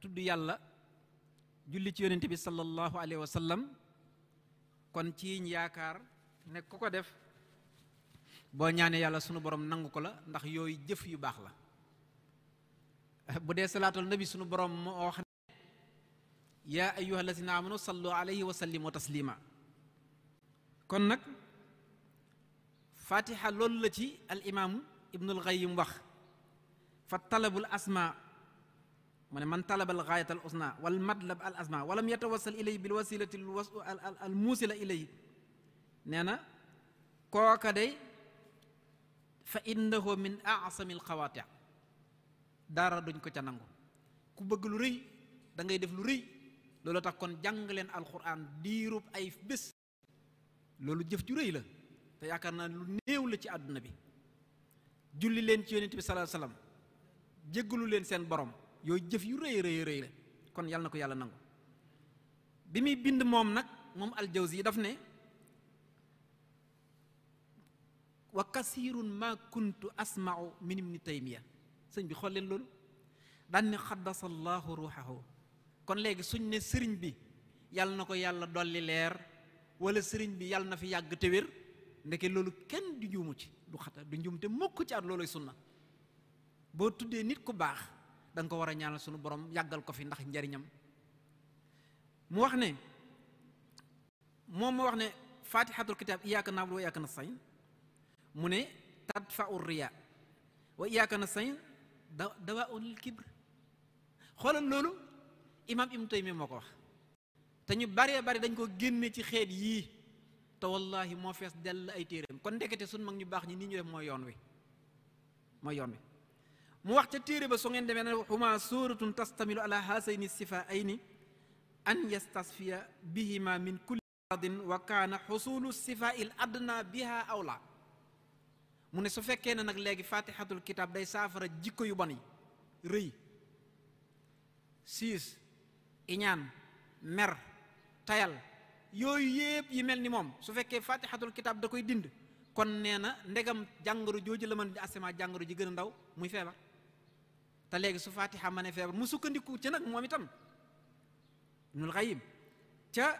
tudd yàlla julli ci yonente bi sallallahu alayhi wa sallam kon ciiñ yaakaar ne ku ko def boo ñaanee yàlla sunu borom nangu ko la ndax yooyu jëf yu baax la bu dee salaatul nabi sunu borom moo wax ne yaa ayyuha allazina amanu sallu alayhi wa sallimu taslima kon nag fatiha loolu la ci al imaamu ibnul qayyim wax fa talabul asma mu ne man talaba al gaayata al usna wal madlab al asma walam yatawassal ilay bil wasilati al was al muusila ilay nee na kooka day fa innahu min asami al xawaati duñ ko ca nangu ku bëgg lu rëy da def lu rëy loolu tax kon jàng leen alquran diirub ay bés loolu jëf ju réy la te yaakaar naa lu néew la ci àdduna bi julli leen ci yonent bi sallallahu alayhi wasallam jéggalu leen seen borom yooyu jëf yu rëy rëy rëy la kon yàlla na ko yàlla nangu bi muy bind moom nag moom aljawzi yi daf ne wa kasirun ma kuntu asmau min ibni taymiya sëñ bi xool leen loolu daan ne xaddasa ruuxahu kon léegi suñ ne sëriñ bi yàlla na ko yàlla dolli leer walla sëriñ bi yàlla na fi yàgg te ndeke loolu kenn du juumu ci du xata du njuumte mukk ci at looloy sunna boo tuddee nit ku baax danga ko war a ñaanal sunu borom yàggal ko fi ndax njariñam mu wax ne moom mu wax ne faatixatul kitaab iyaaka naabudu wa iyaaka nastayin mu ne tadfau riya wa iyaaka nastayin da dawaul kibr xoolal loolu imaam ibnu taymiya moo ko wax te ñu baree bari dañ ko génne ci xeet yii te wallahi moo fees dell ay téeréem kon ndekete sun mag ñu baax ñi ni ñu def mooy yoon wi mooy yoon wi mu wax ca téere ba su ngeen demee ne huma suuratun tastamilu ala ay ni an yastasfiya bihima min kulli radin wa kaana xusulu sifail adna biha awla mu ne su fekkee ne nag léegi fatihatul kitab day saafara jikko yu bon yi rëy siis iñaan mer tayal yooyu yépp yi mel ni moom su fekkee fatihatul kitab da koy dind kon nee na ndegam jàngoro jooju la mën di asema jàngoro ji gën a ndaw muy feebar te léegi su fatiha ma feebar mu sukkandiku ca nag moom itam nul xayim ca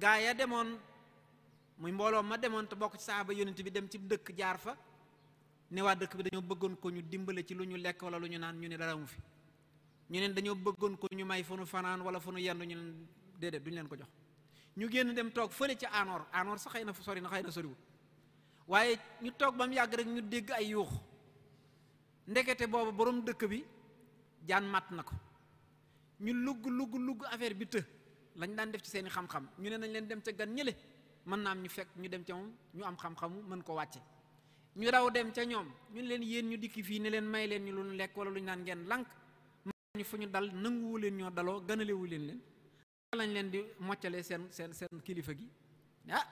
gaa ya demoon muy mbooloo ma demoon te bokk ci saaba yonent bi dem ci dëkk jaar fa ne waa dëkk bi dañoo bëggoon ko ñu dimbale ci lu ñu lekk wala lu ñu naan ñu ne dara mu fi ñu ne dañoo bëggoon ko ñu may fu fanaan wala fu nu ñu ne déedéet duñu leen ko jox ñu génn dem toog fële ci anoor anoor sa xëy na sori na xëy na soriwul waaye ñu toog ba yàgg rek ñu dégg ay yuux ndekete boobu borom dëkk bi jaan màtt na ko ñu lugg lugg lugg affaire bi të lañ daan def ci seeni xam-xam ñu ne nañ leen dem ca gan ñële mën naa am ñu fekk ñu dem ca moom ñu am xam mën ko wàcce ñu daw dem ca ñoom ñu leen yéen ñu dikki fii ne leen may leen ñu lu ñu lu ñu naan ngeen ñu fu ñu dal nanguwu leen ñoo daloo ganalewu leen lañ leen di moccale seen seen seen kilifa gi ah,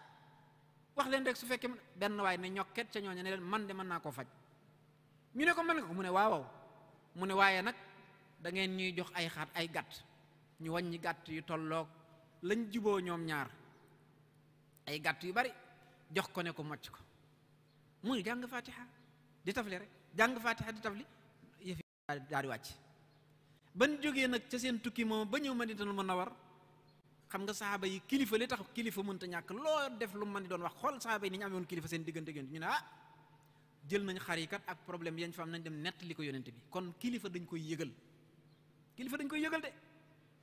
wax leen rek su fekkee benn waay ne ñokket ca ñooña ne leen man de naa koo faj ñu ne ko mën nga ko mu ne waaw mu ne waaye nag da ngeen ñuy jox ay xaat ay gàtt ñu wàññi gàtt yu tolloog lañ jiboo ñoom ñaar ay gàtt yu bari jox ko ne ko mocc ko muy jàng fatiha di tafli rek jàng fatiha di tafli yëfi daal di ba ban jógee nag ca seen tukki moom ba ñëw Madinatul Munawwar xam nga saxaaba yi kilifa li tax kilifa mënta ñàkk loo def lu man di doon wax xool saxaaba yi ni ñu amoon kilifa seen diggante gént ñu ne ah jël nañ xar yi kat ak problème yañ fa am nañ dem nett li ko yonent bi kon kilifa dañ koy yëgal kilifa dañ koy yëgal de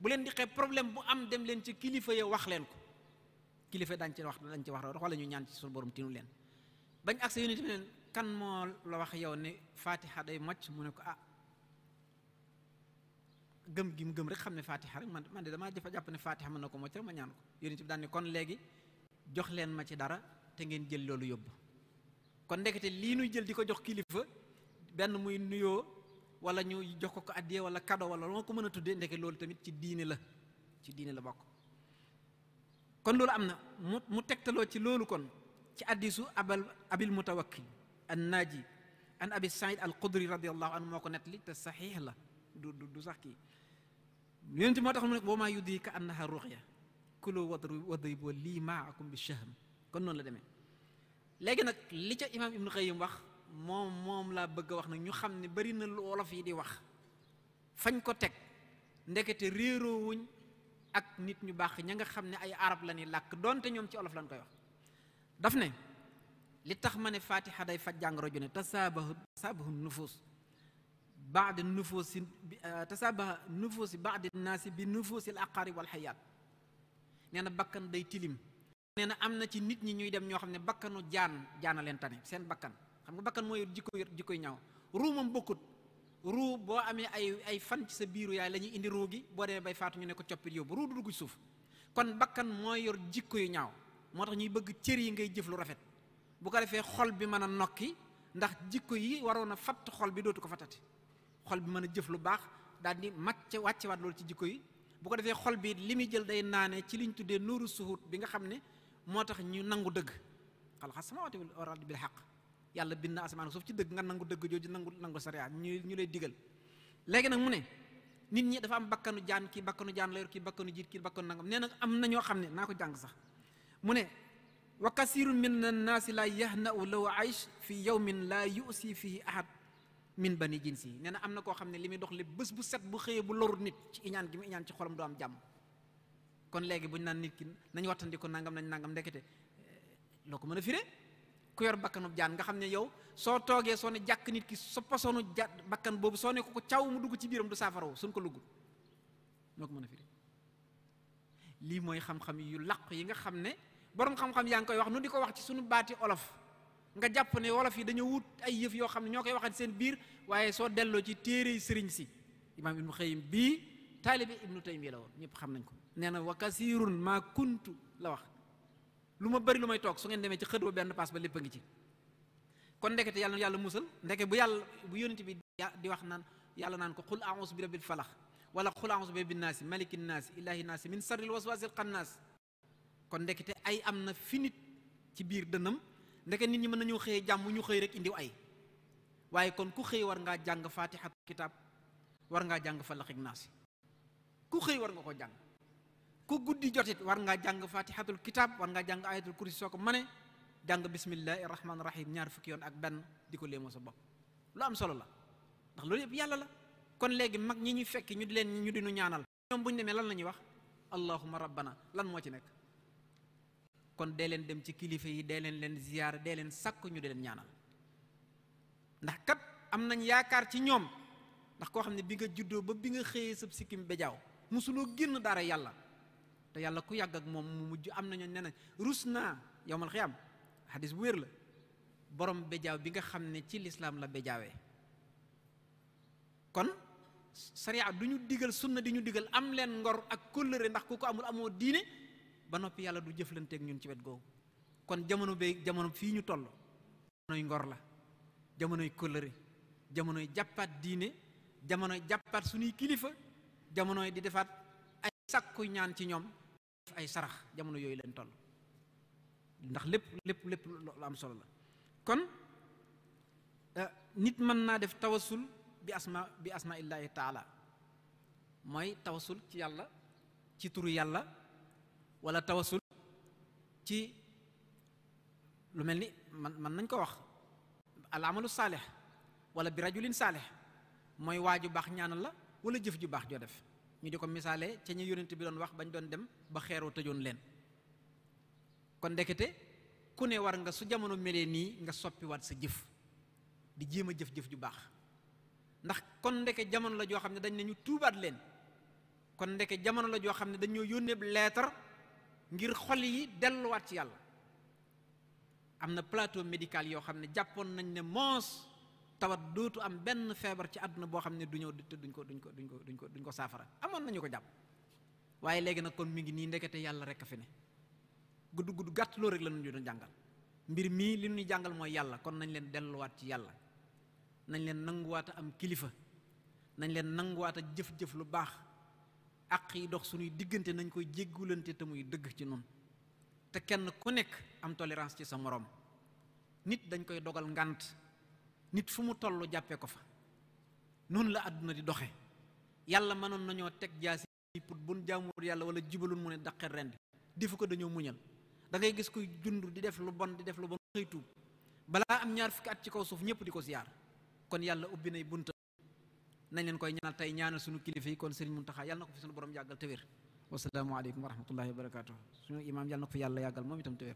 bu leen di xeeb problème bu am dem leen ci kilifa ya wax leen ko kilifa dañ ci wax dañ ci wax raw wala ñu ñaan ci suñu borom tinu leen bañ ak sa unité leen kan moo la wax yow ne fatiha day mocc mu ne ko ah gëm gi mu gëm rek xam ne fatiha rek man man damaa jafa jàpp ne fatiha mën na ko mocc rek ma ñaan ko unité bi daan ne kon léegi jox leen ma ci dara te ngeen jël loolu yóbbu kon ndekete lii nuy jël di ko jox kilifa benn muy nuyoo wala ñu jox ko ko addiyee wala kado ko mën a tuddee ndeke loolu tamit ci diine la ci diine la bokk kon loolu am na mu mu tegtaloo ci loolu kon ci addisu abal abi mutawakkil an naaji an abi saïd al qudri radiallahu anhu moo ko li te saxiix la du du sax kii yonent moo tax mu ne wa maa yudrika annaha ruqya kuloo wadribu lii maakum bi shaham kon noonu la demee léegi nag li ca imaam ibnu qayyim wax moom moom laa bëgg a wax nag ñu xam ne bari na lu olof yi di wax fañ ko teg ndekete wuñ ak nit ñu baax ña nga xam ne ay arab la ni làkk doonte ñoom ci olof lañ koy wax daf ne li tax ma ne fatiha day faj jàngoro ju ne tasaabahu tasaabahu nufus baadi nufusi tasaabaha nufusi baadi naasi bi nufusil aqarib wal xayaat nee na bakkan day tilim nee na am na ci nit ñi ñuy dem ñoo xam ne bakkanu jaan jaana leen tane seen bakkan xam nga bakkan mooy jikko jikkoy ñaaw ruu moom bokkut ruu boo amee ay ay fan ci sa biiru yaay la ñuy indi ruu gi boo demee bay faatu ñu ne ko coppit yóbbu ruu du dugg suuf kon bakkan mooy yor jikko yu ñaaw moo tax ñuy bëgg cër yi ngay jëf lu rafet bu ko defee xol bi mën a nokki ndax jikko yi waroon a fatt xol bi dootu ko fattati xol bi mën a jëf lu baax daal di màcce wàcce waat loolu ci jikko yi bu ko defee xol bi li muy jël day naane ci liñ tuddee nuuru suhut bi nga xam ne moo tax ñu nangu dëgg xalaqa samawati wal ardi bil haqq yàlla bind asamaan suuf ci dëgg nga nangu dëgg jooju nangu nangu sariya ñu ñu lay digal léegi nag mu ne nit ñi dafa am bakkanu jaan kii bakkanu jaan la yor kii bakkanu jiit kii bakkanu nangam nee na am na ñoo xam ne naa ko sax mu ne wa kasiru min annaasi laa yahnau law aish fi yawmin laa yusi fihi ahad min bani jinsi nee na am na koo xam ne li muy dox li bés bu set bu xëyee bu loru nit ci iñaan gi mu iñaan ci xolam du am jàmm kon léegi buñ naan nit ki nañ wattandi ko nangam nañ nangam ndekete loo ko mën a firee ku yor bakkanub jaan nga xam ne yow soo toogee soo ne jàkk nit ki so posonu ja bakkan boobu soo ne ko ko caw mu dugg ci biiram du saafarawu suñ ko lugg noo ko mën a firi lii mooy xam-xam yu làqu yi nga xam ne boroom xam-xam yaa ngi koy wax nu di ko wax ci suñu baati olof nga jàpp ne wolof yi dañoo wut ay yëf yoo xam ne ñoo koy waxat seen biir waaye soo delloo ci téere yi sëriñ si imaam ibnu xëyim bii taalibe ibnu taymiya la woon ñëpp xam nañ ko nee na wa kasirun ma la wax lu ma bari lu may toog su ngeen demee ci xët wa benn paas ba lépp a ngi ci kon ndekete yàlla yàlla musal ndeke bu yàlla bu yónent bi di wax naan yàlla naan ko xul a'uuzu bi rabbil falax wala xul a'uuzu bi rabbin naasi malikin naasi ilaahi naasi min sarril waswaasil xannaas kon ndekete ay am na fi nit ci biir dënnam ndeke nit ñi mën nañoo xëyee jàmm ñu xëy rek indiw ay waaye kon ku xëy war ngaa jàng faatixat kitaab war ngaa jàng falaxik naasi ku xëy war nga ko jàng ku guddi jotit war ngaa jàng fatihatul kitab war ngaa jàng ayatul kursi soo ko ma mane jàng bismillahi rahmaani rahim ñaar fukki yoon ak benn di ko léemoo sa bopp lu am solo la ndax loolu yëpp yàlla la kon léegi mag ñi ñu fekk ñu di leen ñu di nu ñaanal ñoom buñu demee lan la ñuy wax allahuma rabbana lan moo ci nekk kon dee leen dem ci kilifa yi dee leen leen ziyaar dee leen sakku ñu leen ñaanal ndax kat am nañ yaakaar ci ñoom ndax koo xam ne bi nga juddoo ba bi nga xëyee sab sikkim bejaaw mosuloo génn dara yàlla te yàlla ku yàgg ak moom mu mujj am nañu ne nañ rus naa yowmal xiyaam xadis bu wér la borom bejaaw bi nga xam ne ci lislaam la bejaawee kon sariya du ñu digal sunna di ñu digal am leen ngor ak kóllëre ndax ku ko amul amoo diine ba noppi yàlla du jëflanteeg ñun ci wet googu kon jamono bee jamono fii ñu toll jamonoy ngor la jamonoy kóllëre jamonoy jàppaat diine jamonoy jàppaat suñuy kilifa jamonoy di defaat ay sàkku ñaan ci ñoom ay sarax jamono yooyu leen toll ndax lépp lépp lépp lu am solo la kon euh, nit mën naa def tawasul bi asma bi asma illaahi taala mooy tawasul ci yàlla ci turu yàlla wala tawasul ci lu mel ni man mën nañ ko wax al amalu saalix wala bi rajulin saalix mooy waa ju baax ñaanal la wala jëf ju baax joo def ñu di ko misaale ca ñu yonent bi doon wax bañ doon dem ba xeeroo tëjoon leen kon ndekete ku ne war nga su jamono melee nii nga soppiwaat sa jëf di jéem a jëf-jëf ju baax ndax kon ndeke jamono la joo xam ne dañ ne ñu tuubaat leen kon ndeke jamono la joo xam ne dañoo yónneeb leetar ngir xol yi delluwaat ci yàlla am na plateau médical yoo xam ne jàppoon nañ ne moos tawat dootu am benn feebar ci àdduna boo xam ne du ñëw te duñ ko duñ ko duñ ko duñ ko duñ ko saafara amoon nañu ko jàpp waaye léegi nag kon mi ngi nii ndekete yàlla rek a fi ne gudd gudd gàtt loo rek la ñu jàngal mbir mii li ñuy jàngal mooy yàlla kon nañ leen delluwaat ci yàlla nañ leen nanguwaat a am kilifa nañ leen nanguwaat a jëf-jëf lu baax àq yi dox suñuy diggante nañ koy jéggulante te muy dëgg ci noonu te kenn ku nekk am tolérance ci sa moroom nit dañ koy dogal ngànt nit fu mu toll jàppe ko fa noonu la àdduna di doxe yàlla mënoon nañoo teg jaasi pour buñ jaamur yàlla wala jibalu mu ne daqe daqet rendi defu ko dañoo muñal da ngay gis kuy jund di def lu bon di def lu bon xëy tuub balaa am ñaar fukki at ci kaw suuf ñëpp di ko ziyaar kon yàlla ubbi nay bunta nañ leen koy ñaanal tey ñaanal suñu kilifa yi kon sëriñ Muntaxa yàlla ko fi suñu borom yàggal te wér wasalaamualeykum wa wa barakatuh moom itam te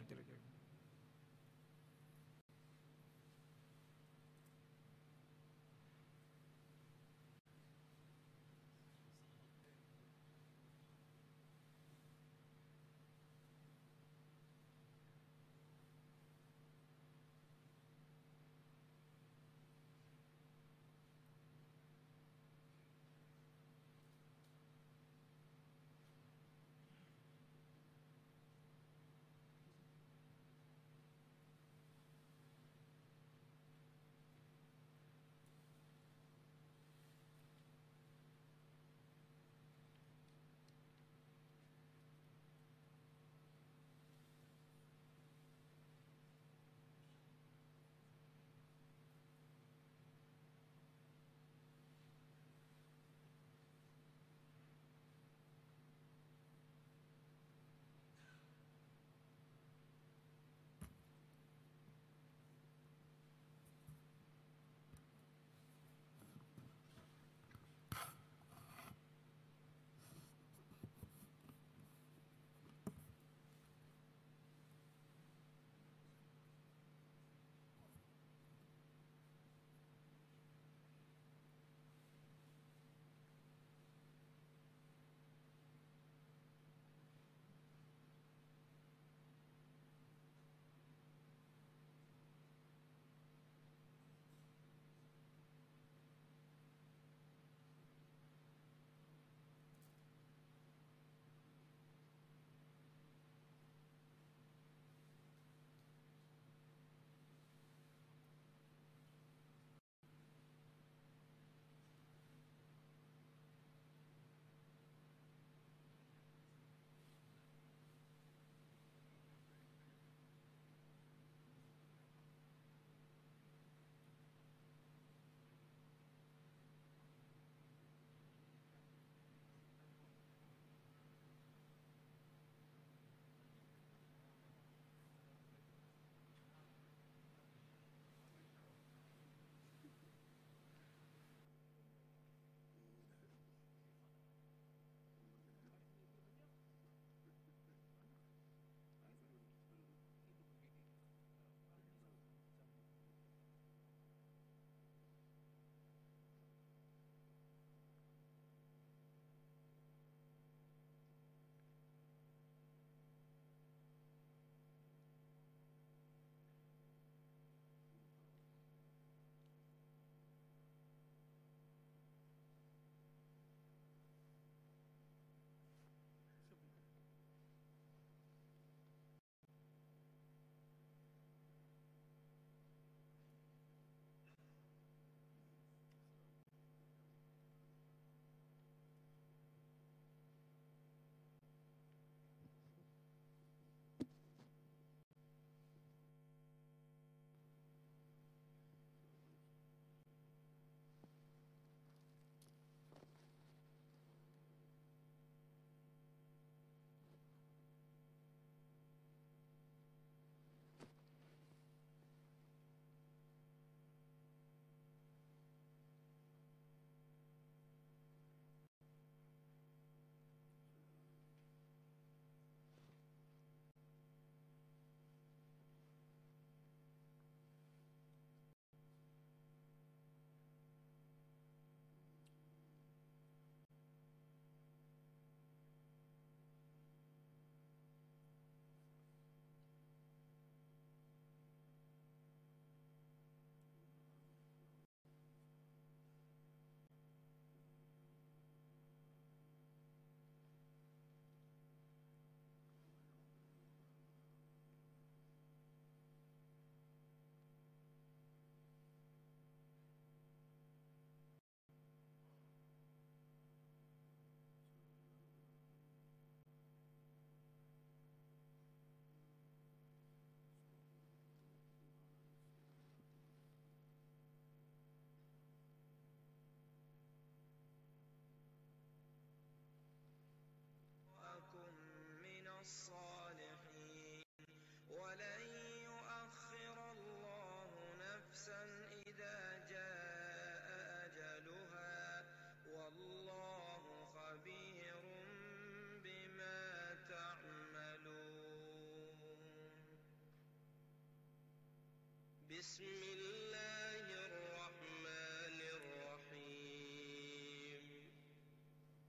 بسم الله الرحمن الرحيم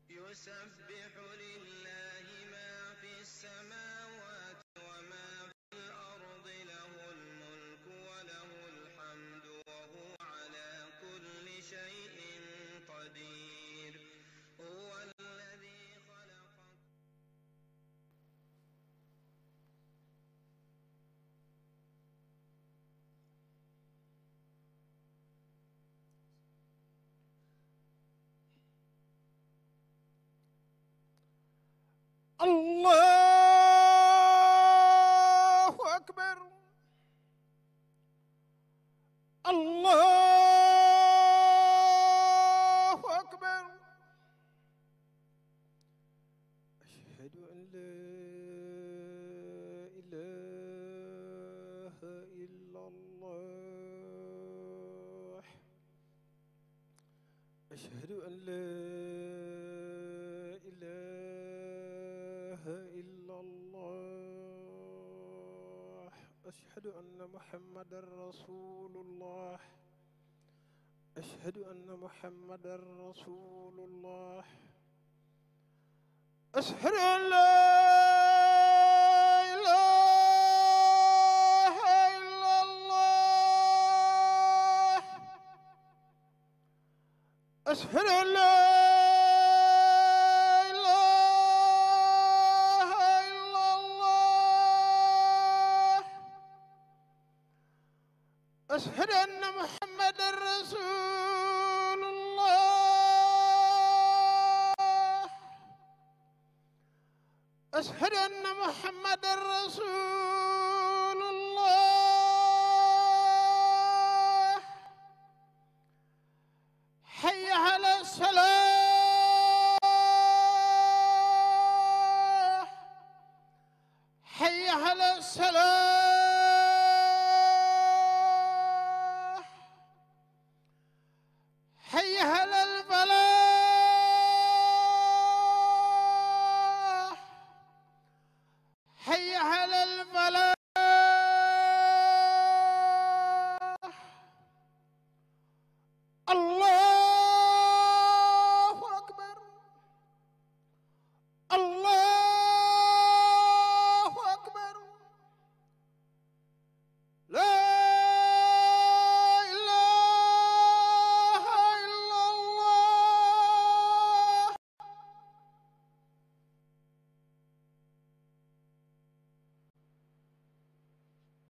يسبح لله الله أكبر الله رسول الله أشهد أن محمدا رسول الله أشهد أن لا أشهد أن لا واشهد ان محمد رسول